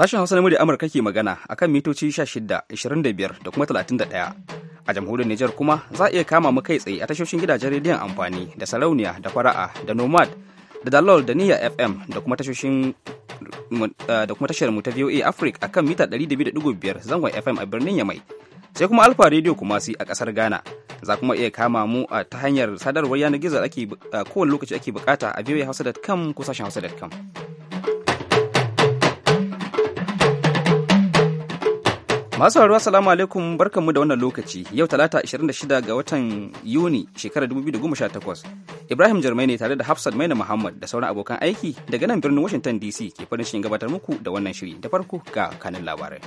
Sashen Hausa na murya Amurka ke magana a kan mitoci 16, 25 da kuma 31. A jamhuriyar Nijar kuma za a iya kama mu kai tsaye a tashoshin gidajen rediyon amfani da sarauniya da fara'a da nomad da dalol da niyya FM eh, da kuma tashar mu ta VOA Africa a kan mita 200.5 zangon FM a birnin Yamai. Sai kuma Alfa rediyo kuma si a kasar Ghana. Za kuma iya kama mu a eh, ta hanyar sadarwar yanar gizo ake eh, kowane lokaci ake bukata a voahausa.com ko sashen hausa.com. Masu sauraro assalamu alaikum barkanmu da wannan lokaci yau talata 26 ga watan Yuni shekarar 2018. Ibrahim Jarmai ne tare da Hafsat Maina Muhammad da sauran abokan aiki daga nan birnin Washington DC ke farin shi gabatar muku da wannan shiri da farko ga kanin labarai.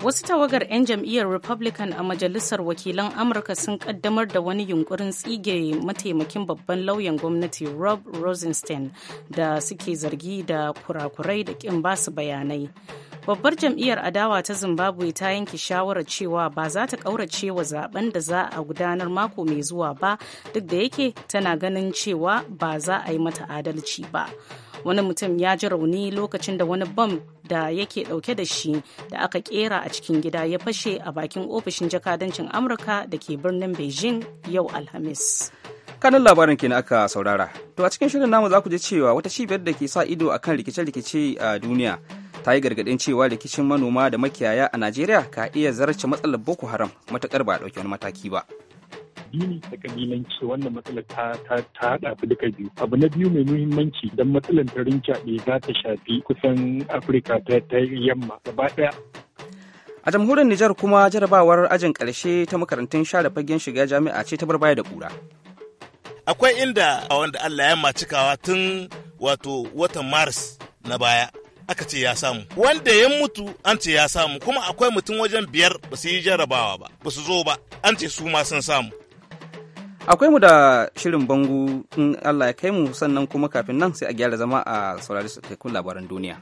Wasu tawagar 'yan jam'iyyar Republican a Majalisar Wakilan Amurka sun kaddamar da wani yunkurin tsige mataimakin babban lauyan gwamnati Rob Rosenstein da suke zargi da kurakurai da kin basu bayanai. babbar jam'iyyar adawa ta zimbabwe ta yanke shawarar cewa ba za ta kaurace wa zaben da za a gudanar mako mai zuwa ba duk da yake tana ganin cewa ba za a yi mata adalci ba wani mutum ya ji rauni lokacin da wani bam da yake dauke da shi da aka kera a cikin gida ya fashe a bakin ofishin jakadancin amurka da ke birnin beijing yau alhamis kanin labarin kenan aka saurara to a cikin shirin namu za ku ji cewa wata cibiyar da ke sa ido akan rikice-rikice a duniya ta yi gargaɗin cewa rikicin manoma da makiyaya a najeriya ka iya zarce matsalar boko haram matakar ba a ɗauki wani mataki ba dini da kabilanci wannan matsalar ta ta ta duka biyu abu na biyu mai muhimmanci don matsalar ta rincaɗe za ta shafi kusan afirka ta ta yamma gaba ɗaya a jamhuriyar nijar kuma jarabawar ajin ƙarshe ta makarantun sha da fagen shiga jami'a ce ta bar baya da ƙura akwai inda wanda allah ya macikawa tun wato watan maris na baya aka ce ya samu wanda ya mutu an ce ya samu kuma akwai mutum wajen biyar ba su yi jarabawa ba ba su zo ba an ce su ma sun samu akwai mu da shirin bangu in Allah ya kai mu sannan kuma kafin nan sai a gyara zama a saurari cikakkun labaran duniya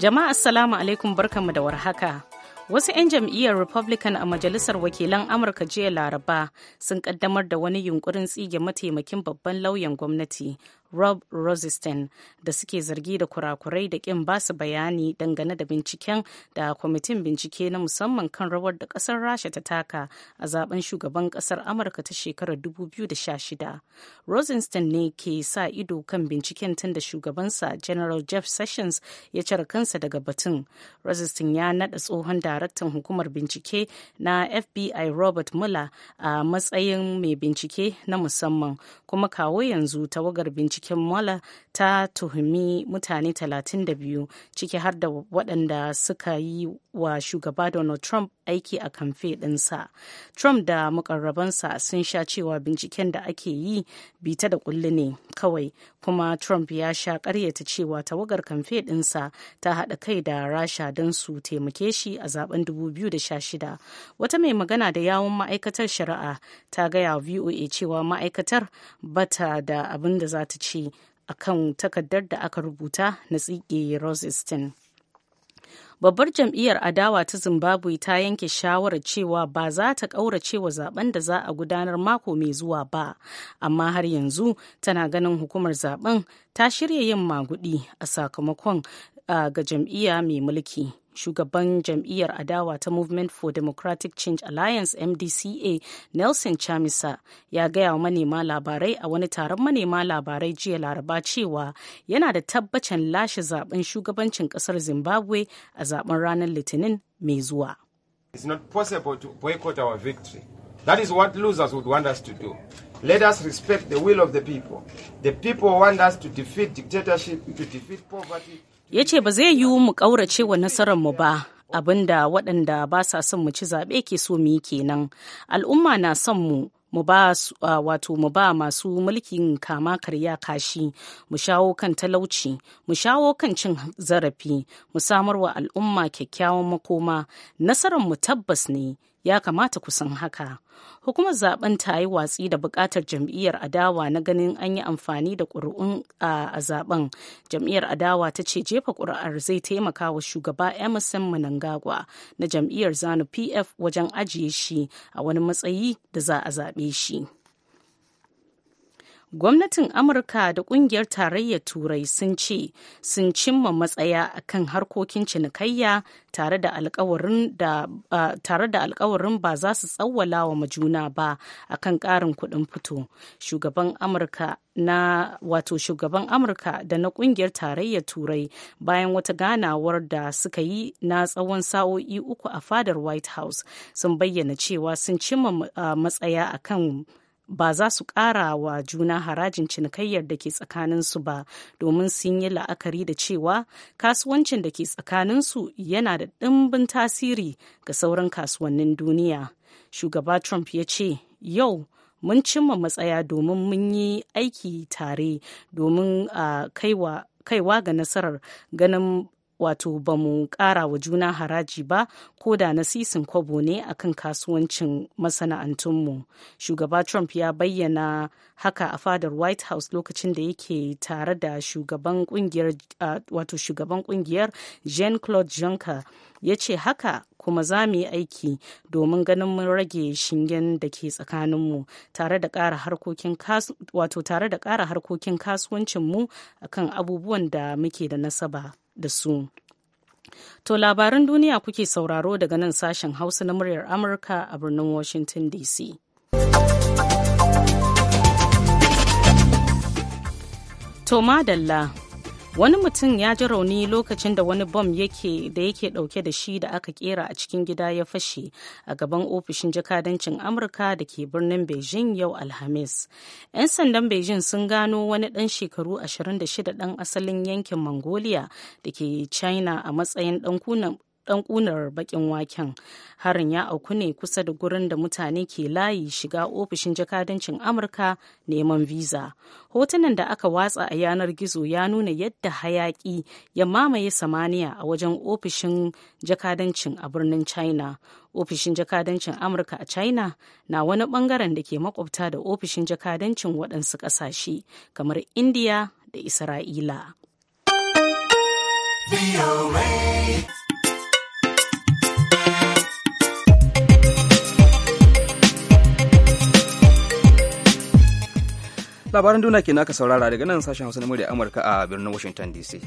jama'a assalamu alaikum barkanmu da warhaka Wasu 'yan jam'iyyar Republican a Majalisar Wakilan Amurka jiya Laraba sun kaddamar da wani yunkurin tsige mataimakin babban lauyan gwamnati Rob Rosenstein da suke zargi da kurakurai da kin basu bayani dangane da binciken da kwamitin bincike na musamman kan rawar da kasar Rasha ta taka a zaben shugaban kasar Amurka ta shekarar 2016. Rosenstein ne ke sa ido kan binciken tun da shugabansa General Jeff Sessions ya cire kansa daga batun. Rosenstein ya nada tsohon daraktan hukumar bincike na FBI Robert Mueller a matsayin mai bincike na musamman kuma kawo yanzu tawagar bincike binciken Mueller ta tuhumi mutane 32 ciki har da waɗanda suka yi wa shugaba Donald Trump aiki a kamfe ɗinsa. Trump da mukarrabansa sun sha cewa binciken da ake yi bita da kulli ne kawai, kuma Trump ya sha ƙaryata cewa tawagar kamfe ɗinsa ta haɗa kai da Rasha don su taimake shi a zaben 2016. Wata mai magana da yawun ma'aikatar shari'a ta gaya VOA cewa ma'aikatar bata da abin da za ta ce akan takardar da aka rubuta na tsige Rosenstein. babbar jam'iyyar adawa ta zimbabwe ta yanke shawarar cewa ba za ta ƙaurace wa zaben da za a gudanar mako mai zuwa ba amma har yanzu tana ganin hukumar zaben ta shirya yin magudi a sakamakon Uh, ga jam'iyya mai mulki shugaban jam'iyyar adawa ta movement for democratic change alliance mdca nelson chamisa ya gaya wa manema labarai a wani taron manema labarai jiya laraba cewa yana da tabbacin lashe zaben shugabancin kasar zimbabwe a zaben ranar litinin mai zuwa It's not possible to boycott our victory. That is what losers would want us to do. Let us respect the will of the people. The people want us to defeat dictatorship, to defeat poverty. ya ce ba zai yiwu mu ƙaurace wa nasararmu ba abinda waɗanda ba sa son mu ci zaɓe ke so mu yi kenan al'umma na son mu mu ba uh, wato mu ba masu mulkin kama karya kashi mu shawo kan talauci mu shawo kan cin zarafi mu samar wa al'umma kyakkyawan makoma Nasararmu tabbas ne ya kamata ku san haka hukumar zaben ta yi watsi da bukatar jam'iyyar adawa na ganin an yi amfani da ƙuri'un a zaben jam'iyyar adawa ta ce jefa ƙuri'ar zai taimaka wa shugaba emerson Mnangagwa na jam'iyyar zanu pf wajen ajiye shi a wani matsayi da za a zaɓe shi. gwamnatin amurka da kungiyar tarayyar turai sun ce sun cimma matsaya a kan harkokin cinikayya tare da alkawarin ba za su tsawwala wa majuna ba akan karin kuɗin fito shugaban amurka na wato shugaban amurka da na kungiyar tarayyar turai bayan wata ganawar da suka yi na tsawon sa'o'i uku a fadar white house sun bayyana cewa sun cimma matsaya a kan. ba za su ƙara wa juna harajin cinikayyar da ke tsakaninsu ba domin sun yi la'akari da cewa kasuwancin da ke tsakaninsu yana da ɗimbin tasiri ga sauran kasuwannin duniya. Shugaba Trump ya ce, Yau, mun cimma matsaya domin mun yi aiki tare domin ah, a kaiwa ga nasarar ganin wato ba mu kara wa juna haraji ba ko da na sisin kwabo ne kan kasuwancin masana'antunmu shugaba trump ya bayyana haka a fadar white house lokacin da yake tare da shugaban kungiyar wato shugaban kungiyar jean claude juncker ya ce haka kuma za mu yi aiki domin ganin mun rage shingen da ke tsakaninmu tare da ƙara harkokin kasuwancinmu a kan abubuwan da muke da nasaba da su. To labaran duniya kuke sauraro daga nan sashen Hausa na muryar Amurka a birnin Washington DC. To madalla wani mutum ya ji rauni lokacin da wani bom yake da yake dauke da shi da aka kera a cikin gida ya fashe a gaban ofishin jakadancin amurka da ke birnin beijing yau alhamis 'yan sandan beijing sun gano wani dan shekaru 26 dan asalin yankin mongolia da ke china a matsayin dan kunar bakin waken harin ya auku ne kusa da gurin da mutane ke layi shiga ofishin jakadancin amurka neman visa hotunan da aka watsa a yanar gizo ya nuna yadda hayaki ya mamaye samaniya a wajen ofishin jakadancin a birnin china ofishin jakadancin amurka a china na wani bangaren da ke makwabta da ofishin jakadancin waɗansu ƙasashe kamar indiya da isra'ila labaran duniya ke naka saurara daga nan sashen hausa na murya amurka a birnin washington dc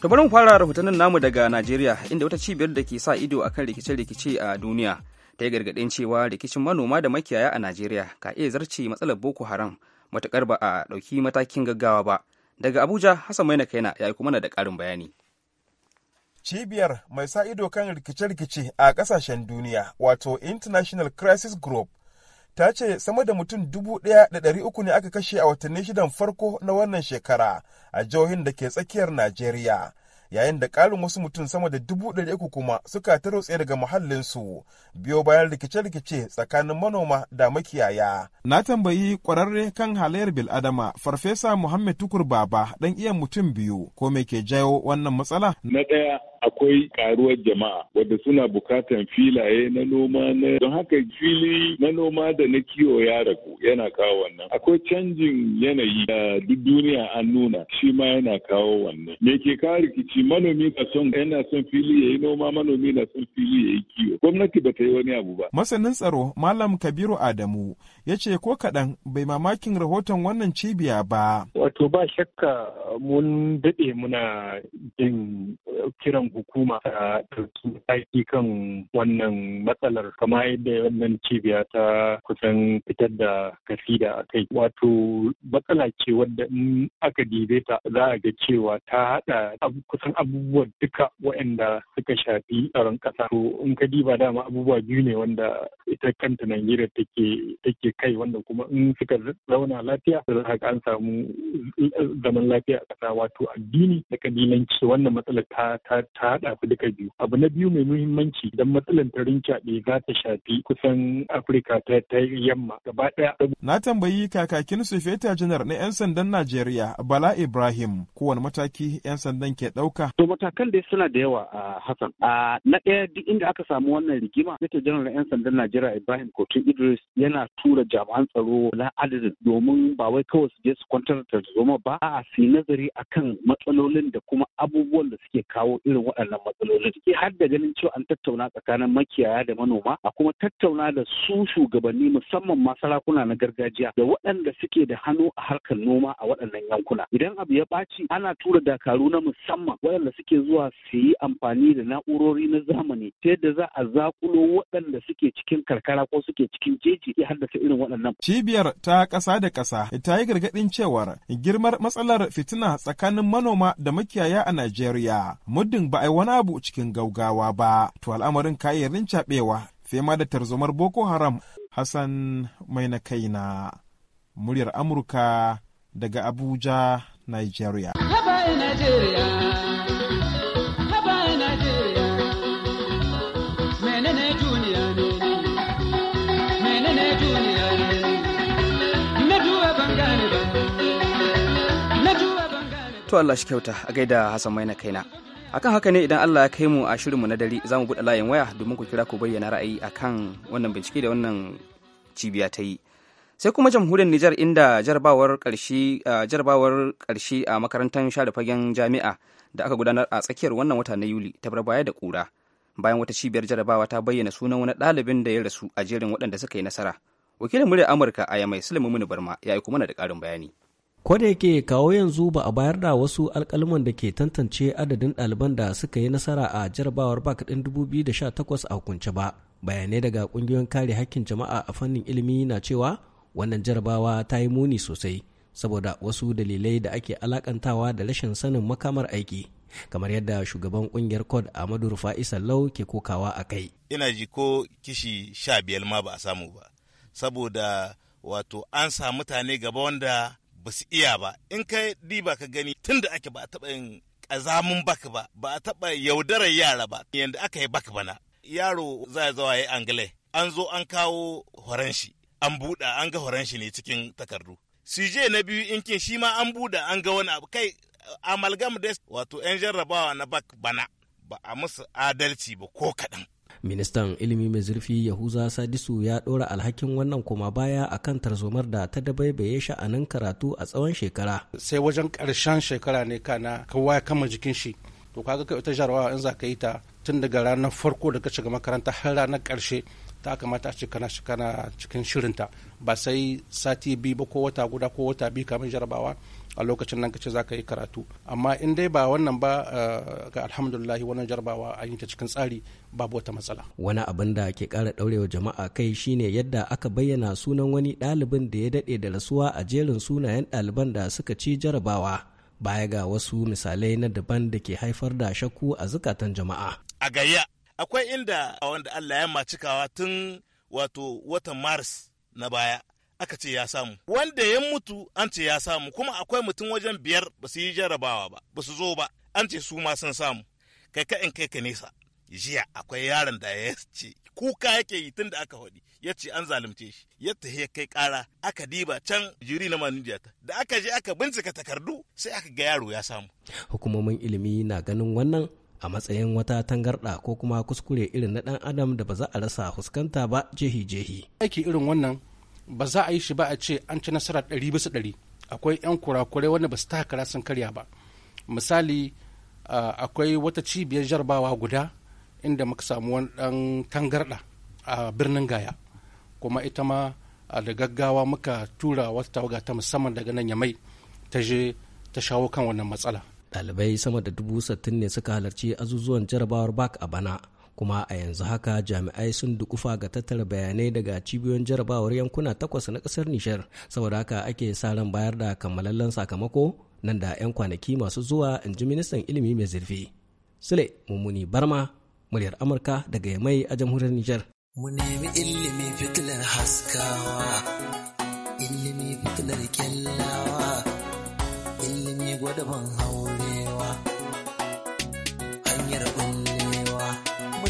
to bari mu fara rahotannin namu daga najeriya inda wata cibiyar da ke sa ido akan rikice-rikice a duniya ta yi gargaɗin cewa rikicin manoma da makiyaya a najeriya ka iya zarce matsalar boko haram matukar ba a ɗauki matakin gaggawa ba daga abuja hassan maina kaina ya yi kuma da karin bayani Cibiyar mai sa ido kan rikice-rikice a kasashen duniya, wato International Crisis Group, ta ce sama da mutum dubu ɗaya da ɗari uku ne aka kashe a watanni shidan farko na wannan shekara a jihohin da ke tsakiyar Najeriya. Yayin da ƙarin wasu mutum sama da dubu kuma suka tarotse daga muhallinsu biyo bayan rikice-rikice tsakanin manoma da makiyaya. Na tambayi ƙwararre kan halayyar bil'adama Farfesa muhammed Tukur Baba ɗan iya mutum biyu ko me ke jawo wannan matsala? Na ɗaya akwai karuwar jama'a wadda suna bukatan filaye na noma na don haka fili na noma da na kiwo ya ragu yana kawo wannan akwai canjin yanayi da duk duniya an nuna shi ma yana kawo wannan me ke kawo rikici manomi na son yana son fili yayi noma manomi na son fili yayi kiwo gwamnati ba ta yi wani abu ba masanin tsaro malam kabiru adamu ya ce ko kaɗan bai mamakin rahoton wannan cibiya ba wato ba shakka mun daɗe muna jin kiran hukuma ta ɗauki mataki kan wannan matsalar kama yadda wannan cibiya ta kusan fitar da kasida a kai. Wato matsala ce wadda in aka dibe ta za a ga cewa ta haɗa kusan abubuwa duka waɗanda suka shafi tsaron ƙasa. To in ka diba dama abubuwa biyu ne wanda ita kanta Najeriya take take kai wanda kuma in suka zauna lafiya za ka an samu eh, zaman lafiya a ƙasa wato addini da kabilanci wannan matsalar ta ta ta haɗa ku duka biyu abu na biyu mai muhimmanci idan matsalar tarin kyaɗe za ta shafi kusan afirka ta ta yamma gaba ɗaya. na tambayi kakakin sufeta janar na 'yan sandan najeriya bala ibrahim kowane mataki 'yan sandan ke ɗauka. to matakan da suna da yawa a hassan na ɗaya duk inda aka samu wannan rigima sufeta janar na 'yan sandan najeriya ibrahim kotun idris yana tura jami'an tsaro na adadin domin ba wai kawai su je su kwantar da tarzoma ba a su nazari akan matsalolin da kuma abubuwan da suke kawo irin waɗannan matsalolin ciki har da ganin cewa an tattauna tsakanin makiyaya da manoma a kuma tattauna da su shugabanni musamman ma sarakuna na gargajiya da waɗanda suke da hannu a harkar noma a waɗannan yankuna idan abu ya ɓaci ana tura dakaru na musamman waɗanda suke zuwa su yi amfani da na'urori na zamani ta yadda za a zakulo waɗanda suke cikin karkara ko suke cikin jeji ya haddasa irin waɗannan. Cibiyar ta ƙasa da ƙasa ta yi gargaɗin cewar girmar matsalar fitina tsakanin manoma da makiyaya a Najeriya muddin ba a yi wani abu cikin gaugawa ba to al'amarin ka iya rincaɓewa fiye ma da tarzomar boko haram hassan mai na kaina muryar amurka daga abuja nigeria To Allah shi kyauta a gaida Hassan Maina kaina. akan haka ne idan Allah ya kai mu a shirinmu na dare za mu buɗe layin waya domin ku kira ku bayyana ra'ayi akan wannan bincike da wannan cibiya ta yi sai kuma jamhuriyar Nijar inda jarabawar ƙarshe ƙarshe a makarantar share fagen jami'a da aka gudanar a tsakiyar wannan wata na Yuli ta bar baya da ƙura bayan wata cibiyar jarabawa ta bayyana sunan wani ɗalibin da ya rasu a jerin waɗanda suka yi nasara wakilin muryar Amurka a Yamai Sulaimu Barma ya aiko mana da ƙarin bayani Ko yake kawo yanzu ba a bayar da wasu alkalman da ke tantance adadin ɗaliban da suka yi nasara a jarabawar bak ɗin 2018 a hukunce ba. Bayanai daga ƙungiyoyin kare hakkin jama'a a fannin ilimi na cewa wannan jarabawa ta yi muni sosai saboda wasu dalilai da ake alakantawa da rashin sanin makamar aiki. kamar yadda shugaban kungiyar KOD amadu Rufa'i Sallau ke kokawa a kai. Ina ji ko kishi sha biyar ma ba a samu ba, saboda wato an sa mutane gaba wanda ba su iya ba in ka diba ka gani tun da ake ba a taɓa yin ƙazamin bak ba ba a taɓa yaudarar yara ba yadda aka yi bak bana yaro za ya zawa ya angale an zo an kawo horon shi an buɗa an ga horon ne cikin takardu sije na biyu in kin shi ma an buɗa an ga wani abu kai amalgam des wato 'yan jarrabawa na bak bana ba a musu adalci ba ko kaɗan ministan ilimi mai zurfi yahuza sadisu ya ɗora alhakin wannan kuma baya a kan tarzomar da ta dabaibaye sha'anin karatu a tsawon shekara sai wajen ƙarshen shekara ne kana kowa ya kama jikin shi to kaga kai ta jarawa in za ka yi ta tun daga ranar farko da ka shiga makaranta har ranar karshe ta kamata a ce kana kana cikin shirinta ba sai sati biyu ba ko wata guda ko wata biyu kamar jarabawa a lokacin nan kace zaka yi karatu amma in dai ba wannan ba eh, ga alhamdulillah wannan jarbawa an yi ta cikin tsari babu wata matsala wani abin da ke kara daurewa jama'a kai shine yadda aka bayyana sunan wani ɗalibin da ya dade da rasuwa a jerin sunayen ɗaliban da suka ci jarabawa baya ga wasu misalai na daban da ke haifar da shakku a zukatan jama'a a gayya akwai inda wanda Allah ya macikawa tun wato watan maris na baya aka ce ya samu wanda ya mutu an ce ya samu kuma akwai mutum wajen biyar ba su yi jarabawa ba ba su zo ba an ce su ma sun samu kai ka in kai ka nesa jiya akwai yaron da ya ce kuka yake yi tun da aka haɗi ya ce an zalunce shi ya tahe kai kara aka diba can jiri na manija ta da aka je aka bincika takardu sai aka ga yaro ya samu hukumomin ilimi na ganin wannan a matsayin wata tangarɗa ko kuma kuskure irin na ɗan adam da ba za a rasa fuskanta ba jehi jehi aiki irin wannan ba za a yi shi ba a ce an ci nasara ɗari bisa ɗari akwai 'yan kurakurai wanda ba su takara sun karya ba misali akwai wata cibiyar jarabawa guda inda muka samu wani ɗan tangarɗa a birnin gaya kuma ita ma da gaggawa muka tura wata tawaga ta musamman daga nan yamai ta je ta shawo kan wannan matsala ɗalibai sama da dubu sittin ne suka halarci azuzuwan jarabawar bak a bana kuma a yanzu haka jami'ai sun dukufa ga tattara bayanai daga cibiyoyin jarabawar yankuna takwas na kasar nishar saboda haka ake sa ran bayar da kammalallen sakamako nan da 'yan kwanaki masu zuwa in ji ministan ilimi mai zurfi sule mummuni barma muryar amurka daga yamai a jamhuriyar nijar mu nemi ilimi fitilar haskawa ilimi fitilar kyallawa ilimi haurewa hanyar bunna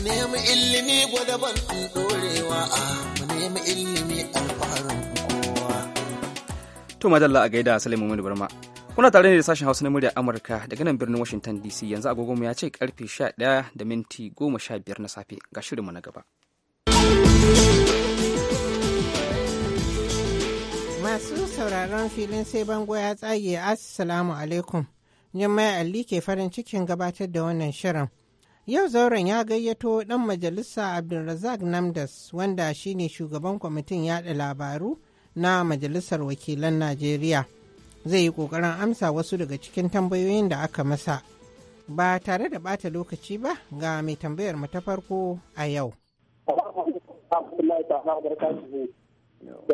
nemi ilimi gwadaban dorewa a alfaharin kowa. To madalla a gaida Salimu Muhammadu Barma. Kuna tare ne da sashen Hausa na murya Amurka daga nan birnin Washington DC yanzu agogonmu ya ce karfe sha 11 da minti goma sha biyar na safe ga shirin mu na gaba. Masu sauraron filin sai bango ya tsage Assalamu alaikum. Jummai Ali ke farin cikin gabatar da wannan shirin. Yau zauren ya gayyato ɗan majalisa Abdulrazak Namdas wanda shine shugaban kwamitin yaɗa labaru na Majalisar Wakilan Najeriya. Zai yi ƙoƙarin amsa wasu daga cikin tambayoyin da aka masa. Ba tare da bata lokaci ba ga mai tambayar mu ta farko a yau. Da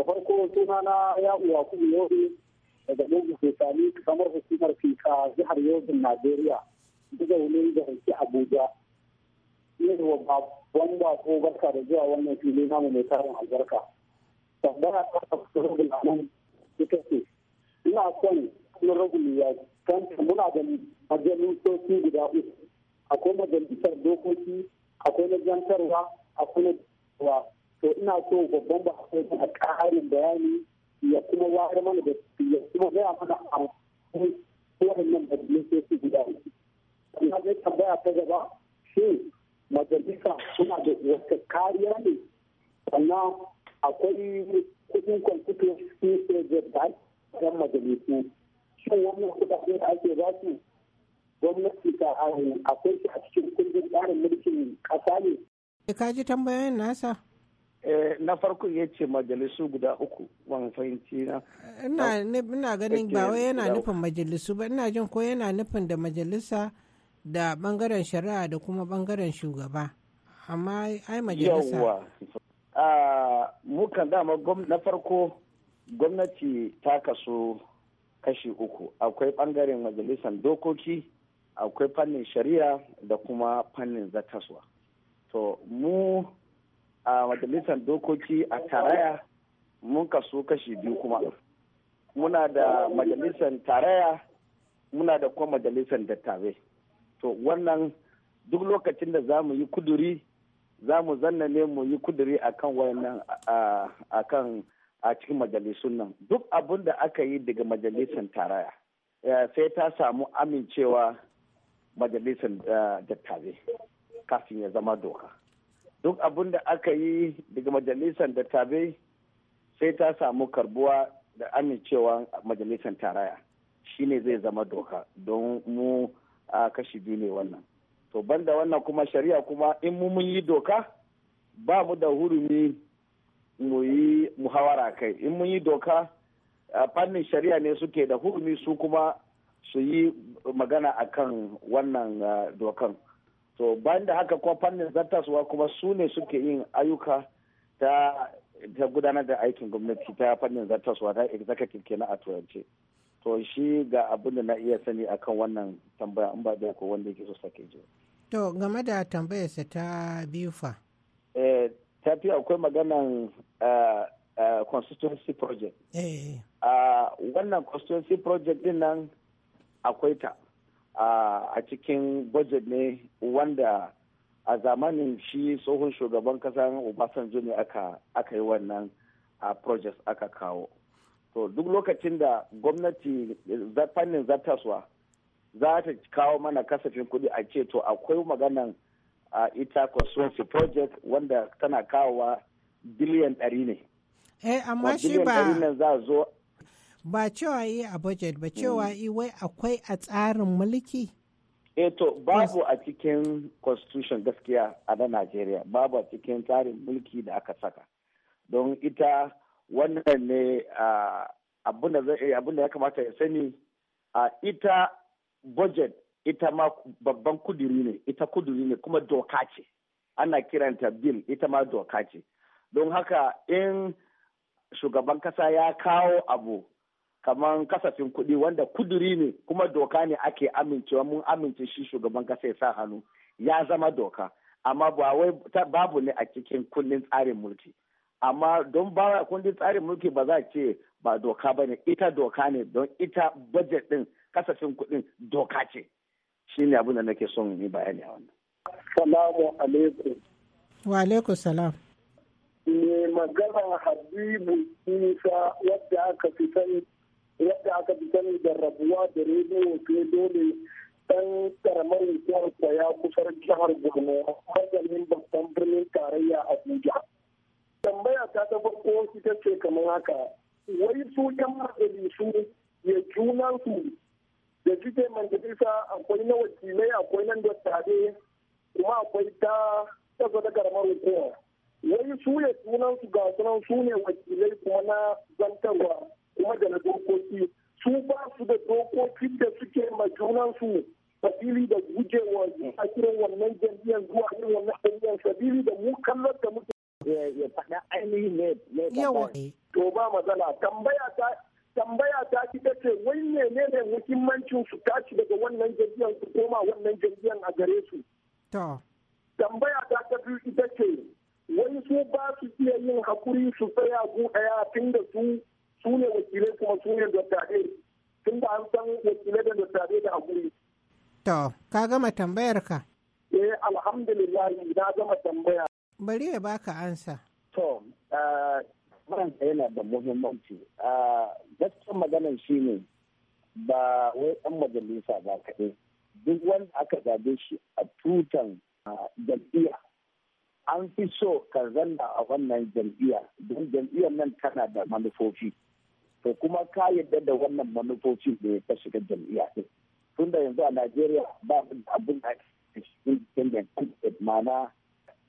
farko sunana ya uwa kuma yau daga yanzu ke sami kamar hukumar fika jihar yobin Najeriya. zaune da ke Abuja. wa babban bako barka da zuwa wannan fili namu mai tarin albarka. Tambaya ta honorable a nan ita ce, ina son honorable ya kanta muna da majalisoci guda uku. Akwai majalisar dokoki, akwai na jantarwa, akwai na jantarwa. To ina so babban bako a ƙarin bayani ya kuma wayar mana da ya kuma gaya mana a wannan majalisoci guda uku. Sannan zai tambaya ta gaba, shi majalisa suna da wata kariya ne sannan akwai kudin su ke da don majalisu shi wannan kuɗaɗe da ake ba su gwamnati ta hari akwai shi a cikin kundin tsarin mulkin ƙasa ne. Eh, ka ji tambayoyin nasa? Eh, na farko ya ce majalisu guda uku ban fahimci na ina ganin ba wai yana nufin majalisu ba ina jin ko yana nufin da majalisa da bangaren shari'a da kuma bangaren shugaba amma ai majalisa yawwa mukan dama na farko gwamnati ta kaso kashi uku akwai bangaren majalisar dokoki akwai fannin shari'a da kuma fannin zakaswa to mu a majalisar dokoki a taraya mun kaso kashi biyu kuma muna da majalisar taraya muna da kuma majalisar dattabai to wannan duk lokacin da za mu yi kuduri za mu zanna ne mu yi kuduri a kan wannan a cikin majalisun nan duk abin da aka yi daga majalisun taraya sai ta samu amincewa majalisun eh, dattabe kafin ya zama doka duk abin da aka yi daga majalisun dattabe sai ta samu karbuwa da amincewa majalisun taraya shine zai zama doka don mu a kashi biyu ne wannan to banda wannan kuma shari'a kuma in mu mun yi doka ba mu da hurumi mu yi muhawara kai in mun yi doka fannin shari'a ne suke da hurumi su kuma su yi magana a kan wannan dokan to ban da haka kuma fannin zartaswa kuma su ne suke yin ayyuka ta gudanar da aikin gwamnati ta fannin zartaswa ta executive kenan a turance so shi ga abin da na iya sani akan wannan tambaya in ba da ko wanda yake so sake ji to game da sa ta biyu fa eh ta fi akwai maganan eh, eh, constituency project eh wannan constituency project din nan akwai ta a cikin budget ne wanda a zamanin shi tsohon shugaban kasar obasanjo ne aka yi wannan project aka kawo to duk lokacin da gwamnati fannin zartaswa za ta kawo mana kasafin kuɗi a ce to akwai maganan a ita consulency project wanda tana kawowa biliyan ɗari ne. Eh, amma shi ba za zo ba cewa yi a budget ba cewa mm. yi wai akwai a tsarin mulki? Eh to babu a cikin constitution gaskiya a na Najeriya babu a cikin tsarin mulki da aka saka. Don ita wannan ne abin da ya kamata ya sani a ita budget ita ma babban kuduri ne ita kuduri ne kuma doka ce ana kiranta bill ita ma doka ce don haka in shugaban kasa ya kawo abu kamar kasafin kuɗi wanda kuduri ne kuma doka ne ake amincewa mun amince shi shugaban kasa ya sa hannu ya zama doka amma ba wai babu ne a cikin kundin tsarin mulki amma don ba kundin tsarin mulki ba za ce ba doka ba ne ita doka ne don ita budget din kasafin kuɗin doka ce shi ne abin da nake son yi bayani a wannan. Salamu alaikum. Wa alaikum salam. Me magana Habibu Isa wadda aka fi sani yadda aka fi sani da rabuwa da rediyo ke dole dan karamar hukumar ya kusar jihar Borno mazanin ta farko ita ce kamar haka wai su yan majalisu ya su da suke majalisa akwai na wakilai akwai nan da tare kuma akwai ta tsaka da karamar hukuma wai su ya su ga sunan su ne wakilai kuma na zantarwa kuma da na dokoki su ba su da dokokin da suke ma su sabili da gujewa a kiran wannan jam'iyyar zuwa irin wannan jam'iyyar sabili da mu kallon da muke ya faɗa ainihin ne ne to ba matsala tambaya ta tambaya ta ita ce wai ne ne muhimmancin su tashi daga wannan jirgin su koma wannan jirgin a gare su. Tambaya ta ta biyu ita ce wai su ba su iya yin hakuri su tsaya ku ɗaya tun da su su ne wakilai kuma su ne dattare tun da an san wakilai da dattare da hakuri. To, ka gama tambayar ka? Eh, alhamdulillah na gama tambaya Bari ya baka ansa. To, ban yana da muhimmanci. Gaskiyar maganar shi ne ba wai ɗan majalisa ba kaɗai. Duk wanda aka zabe shi a tutan jam'iyya an fi so ka zanna a wannan jam'iyya don jam'iyyar nan tana da manufofi. To kuma ka yadda da wannan manufofi da ya shiga jam'iyya ɗin. Tunda yanzu a Najeriya ba abin da ake cikin mana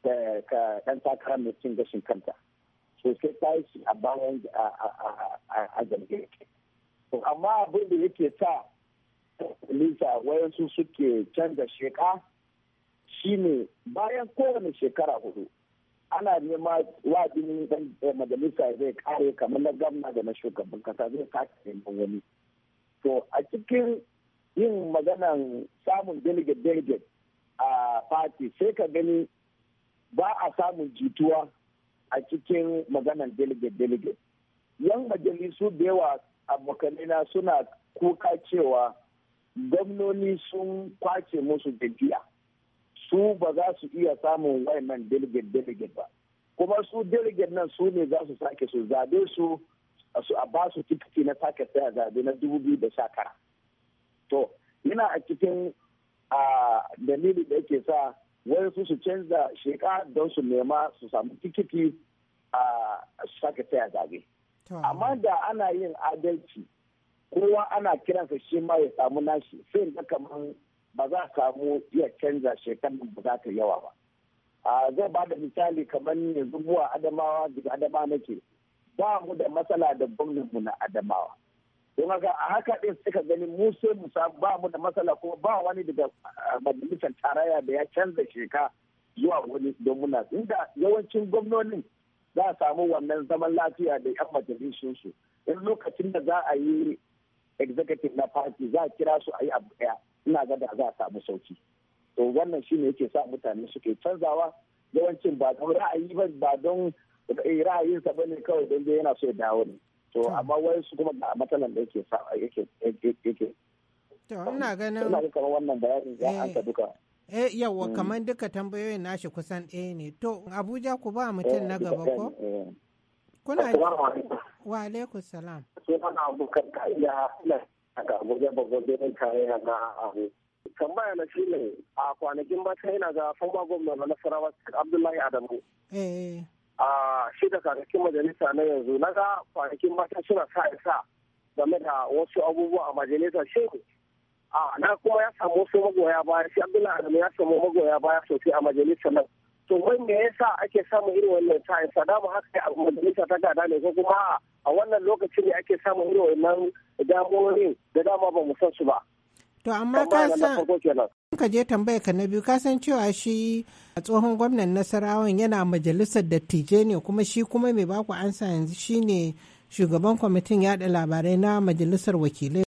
da ka dan takara mai cin gashin kanta sosai sai ta yi shi a bayan a zarge to amma abin da yake sa lisa wayansu suke canza sheka shine bayan kowane shekara hudu ana nema wajin dan eh, majalisa zai kare kamar na gamna da na shugaban kasa zai kare neman wani to a cikin yin maganan samun delegate delegate a fati sai ka gani ba a samun jituwa a cikin maganan delegate-delegate. Yan majalisu da yawa abokanina suna kuka cewa gwamnoni sun kwace musu jam'iyya su ba za su iya samun wayannan delegate-delegate ba. Kuma su delegate nan su ne za su sake su zabe su a ba su tikiti na sake tsaya zabe na dubu biyu da shakara To, yana a cikin dalili da yake sa wayansu su canza sheka don su nema su samu tikiti a sake taya zabe amma da ana yin adalci kowa ana kiransa shi ma ya samu nashi sai da kaman ba za a samu iya canza shekarun ba za ta yawa ba zai ba da misali kamar yanzu buwa adamawa daga adamawa nake ba mu da matsala da gwamnan mu na adamawa don haka a haka ɗin suka gani mu sai mu ba mu da matsala kuma ba wani daga majalisar tarayya da ya canza sheka zuwa wani don muna inda yawancin gwamnonin za a samu wannan zaman lafiya da yan majalisun su in lokacin da za a yi executive na party za a kira su a yi abu ɗaya ina ga da za a samu sauki to wannan shine yake sa mutane suke canzawa yawancin ba don ra'ayi ba don don eh, ra'ayinsa ne kawai don yana so ya dawo ne to amma wai su kuma ga matsalan da yake sa yake yake to ina ganin ina kamar wannan bayanin ya eh. an duka eh yawa mm. kamar duka tambayoyin nashi kusan ɗaya ne to Abuja ku ba eh, mutum na gaba ko eh. kuna wa alaikum salam ka Abubakar Kaiya daga Abuja babban birnin tarayya na Abuja tambaya na shi ne a kwanakin ba ta na ga fama gwamna na Nasarawa Abdullahi Adamu a shi da kakakin majalisa na yanzu na ga kwanakin mata suna sa isa game da wasu abubuwa a majalisa shehu a na kuma ya samu wasu magoya baya shi abdullahi adamu ya samu magoya baya sosai a majalisa nan to wai me yasa ake samun irin wannan sa sa'in sadamu haka a majalisa ta gada ne ko kuma a wannan lokacin ne ake samun irin wannan damuwoyin da dama ba mu san su ba to amma ka san ka je tambaya ka na biyu ka san cewa shi tsohon gwamnan nasarawan yana majalisar dattijai ne kuma shi kuma mai baku ansa yanzu shi ne shugaban kwamitin yada labarai na majalisar wakilai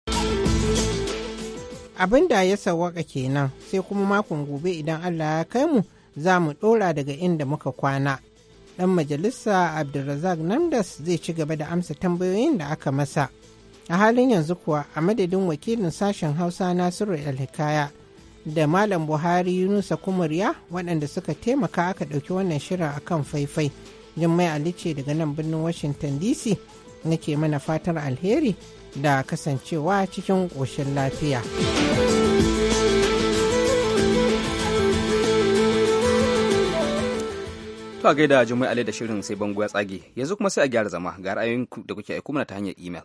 abin da ya sawaka kenan sai kuma makon gobe idan allah ya kai mu za mu ɗora daga inda muka kwana dan majalisa abdulrazak namdas zai ci gaba da amsa tambayoyin da aka masa a halin yanzu kuwa a madadin wakilin sashen hausa nasiru alhikaya da Malam Buhari Yunusa Kumurya waɗanda suka taimaka aka ɗauki wannan shirin akan faifai. Jummai Ali ce daga nan birnin Washington DC nake mana fatar alheri da kasancewa cikin ƙoshin lafiya. To gaida Jummai Ali da shirin sai bango ya tsage yanzu kuma sai a gyara zama ga ra'ayoyinku da kuke aiko mana ta hanyar email.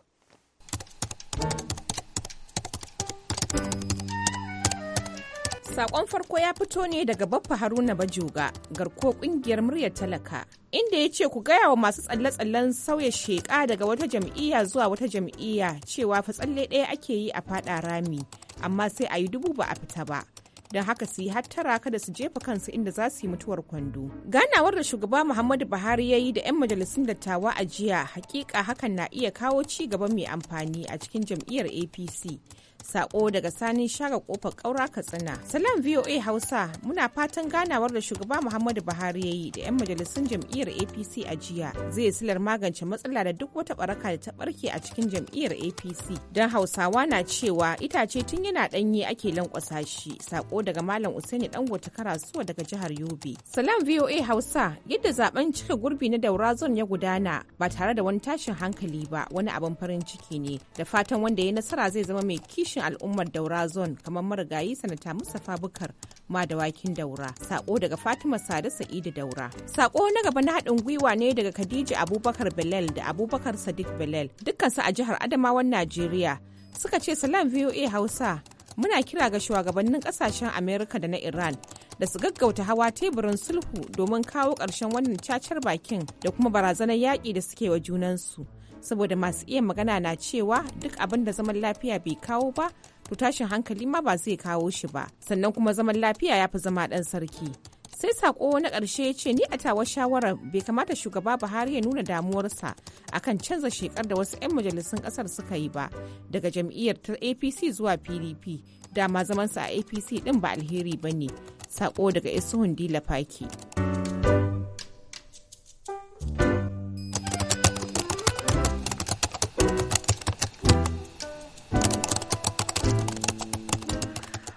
Sakon farko ya fito ne daga Baffa Haruna Bajoga, garko kungiyar muryar talaka, inda ya ce ku gaya wa masu tsalle-tsallen sauya sheƙa daga wata jam'iyya zuwa wata jam'iyya cewa fa tsalle ɗaya ake yi a faɗa rami, amma sai a yi dubu ba a fita ba. don haka su yi hattara kada su jefa kansu inda za su yi mutuwar kwando. Ganawar da shugaba Muhammadu Buhari ya yi da 'yan majalisun dattawa a jiya hakika hakan na iya kawo ci gaba mai amfani a cikin jam'iyyar APC. Sako daga Sani Shaga kofar kaura Katsina. Salam VOA Hausa muna fatan ganawar da shugaba Muhammadu Buhari ya yi da 'yan majalisun jam'iyyar APC a jiya zai silar magance matsala da duk wata baraka da ta barke a cikin jam'iyyar APC. Don Hausawa na cewa itace tun yana ɗanye ake lankwasa shi. Sako daga Malam Usaini Dangote Karasuwa daga jihar Yobe. Salam VOA Hausa yadda zaben cika gurbi na daura zone ya gudana ba tare da wani tashin hankali ba wani abin farin ciki ne da fatan wanda ya nasara zai zama mai kishi kishin al'ummar daura zone kamar marigayi sanata mustapha bukar ma da wakin daura sako daga fatima sada sa'idu daura sako na gaba na haɗin gwiwa ne daga khadija abubakar belal da abubakar sadiq belal dukkansu a jihar adamawan najeriya suka ce salam voa hausa muna kira ga shugabannin kasashen amerika da na iran da su gaggauta hawa teburin sulhu domin kawo ƙarshen wannan cacar bakin da kuma barazanar yaƙi da suke wa junansu saboda masu iya magana na cewa duk abin da zaman lafiya bai kawo ba to tashin hankali ma ba zai kawo shi ba sannan kuma zaman lafiya ya fi zama ɗan sarki sai sako na ƙarshe ya ce ni a tawa shawarar bai kamata shugaba buhari ya nuna damuwarsa akan canza shekar da wasu 'yan majalisun ƙasar suka yi ba daga jam'iyyar ta apc zuwa pdp dama zamansa a apc ɗin ba alheri ba ne sako daga isuhun dila faki.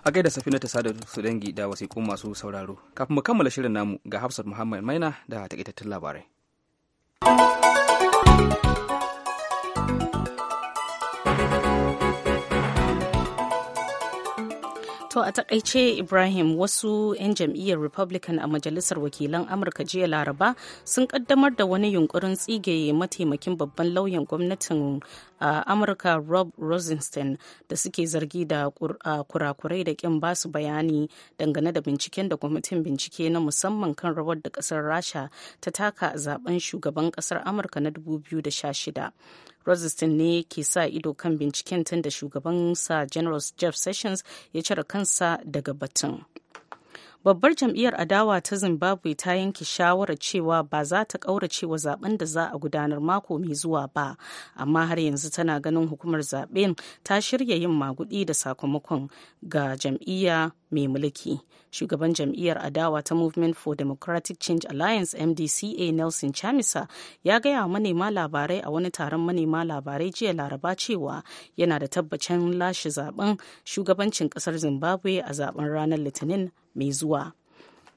a gaida safina ta sada su dangi da wasiƙun masu sauraro kafin mu kammala shirin namu ga hafsat muhammad maina da takaitattun labarai To a takaice Ibrahim wasu 'yan jam'iyyar Republican a Majalisar Wakilan Amurka jiya Laraba sun kaddamar da wani yunkurin tsige mataimakin babban lauyan gwamnatin a amurka rob rosenstein da suke zargi da kurakurai da kin basu bayani dangane da binciken da kwamitin bincike na musamman kan rawar da kasar rasha ta taka a zaben shugaban kasar amurka na 2016 rosenstein ne ke sa ido kan binciken tun da shugabansa general jeff sessions ya cire kansa daga batun. babbar jam'iyyar adawa ta zimbabwe ta yanke shawarar cewa ba za ta kauracewa zaben da za a gudanar mako mai zuwa ba amma har yanzu tana ganin hukumar zaben ta shirya yin magudi da sakamakon ga jam'iyya mai mulki shugaban jam'iyyar adawa ta movement for democratic change alliance mdca nelson chamisa ya gaya wa manema labarai a wani taron manema labarai jiya laraba cewa yana da tabbacin lashe zaben shugabancin kasar zimbabwe a zaben ranar litinin mai zuwa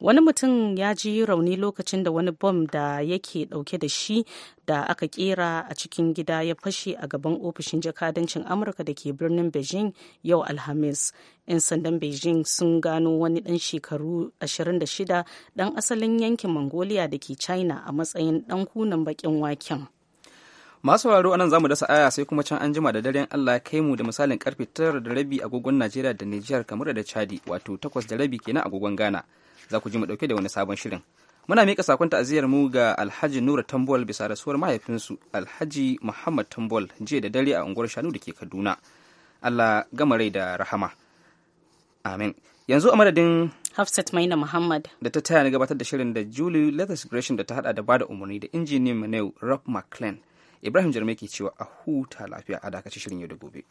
wani mutum ya ji rauni lokacin da wani bom da yake dauke da shi da aka kera a cikin gida ya fashe a gaban ofishin jakadancin amurka da ke birnin beijing yau alhamis 'yan sandan beijing sun gano wani dan shekaru 26 dan asalin yankin mongolia da ke china a matsayin dan kunan bakin waken masu sauraro anan zamu dasa aya sai kuma can an jima da daren Allah ya kai mu da misalin karfe 9 da rabi agogon Najeriya da Nijar kamar da Chadi wato 8 da rabi kenan agogon Ghana za ku ji mu dauke da wani sabon shirin muna mika sakon ta'aziyar mu ga Alhaji Nura Tambol bisa rasuwar mahaifinsu Alhaji Muhammad Tambol jiya da dare a unguwar Shanu da ke Kaduna Allah gama rai da rahama amin yanzu a madadin Hafsat Maina Muhammad da ta taya ni gabatar da shirin da Julie Leathers Gresham da ta hada da bada umarni da injiniyan Manew Rob McLean Ibrahim Jarmai ke cewa a huta lafiya a dakaci shirin yau da gobe.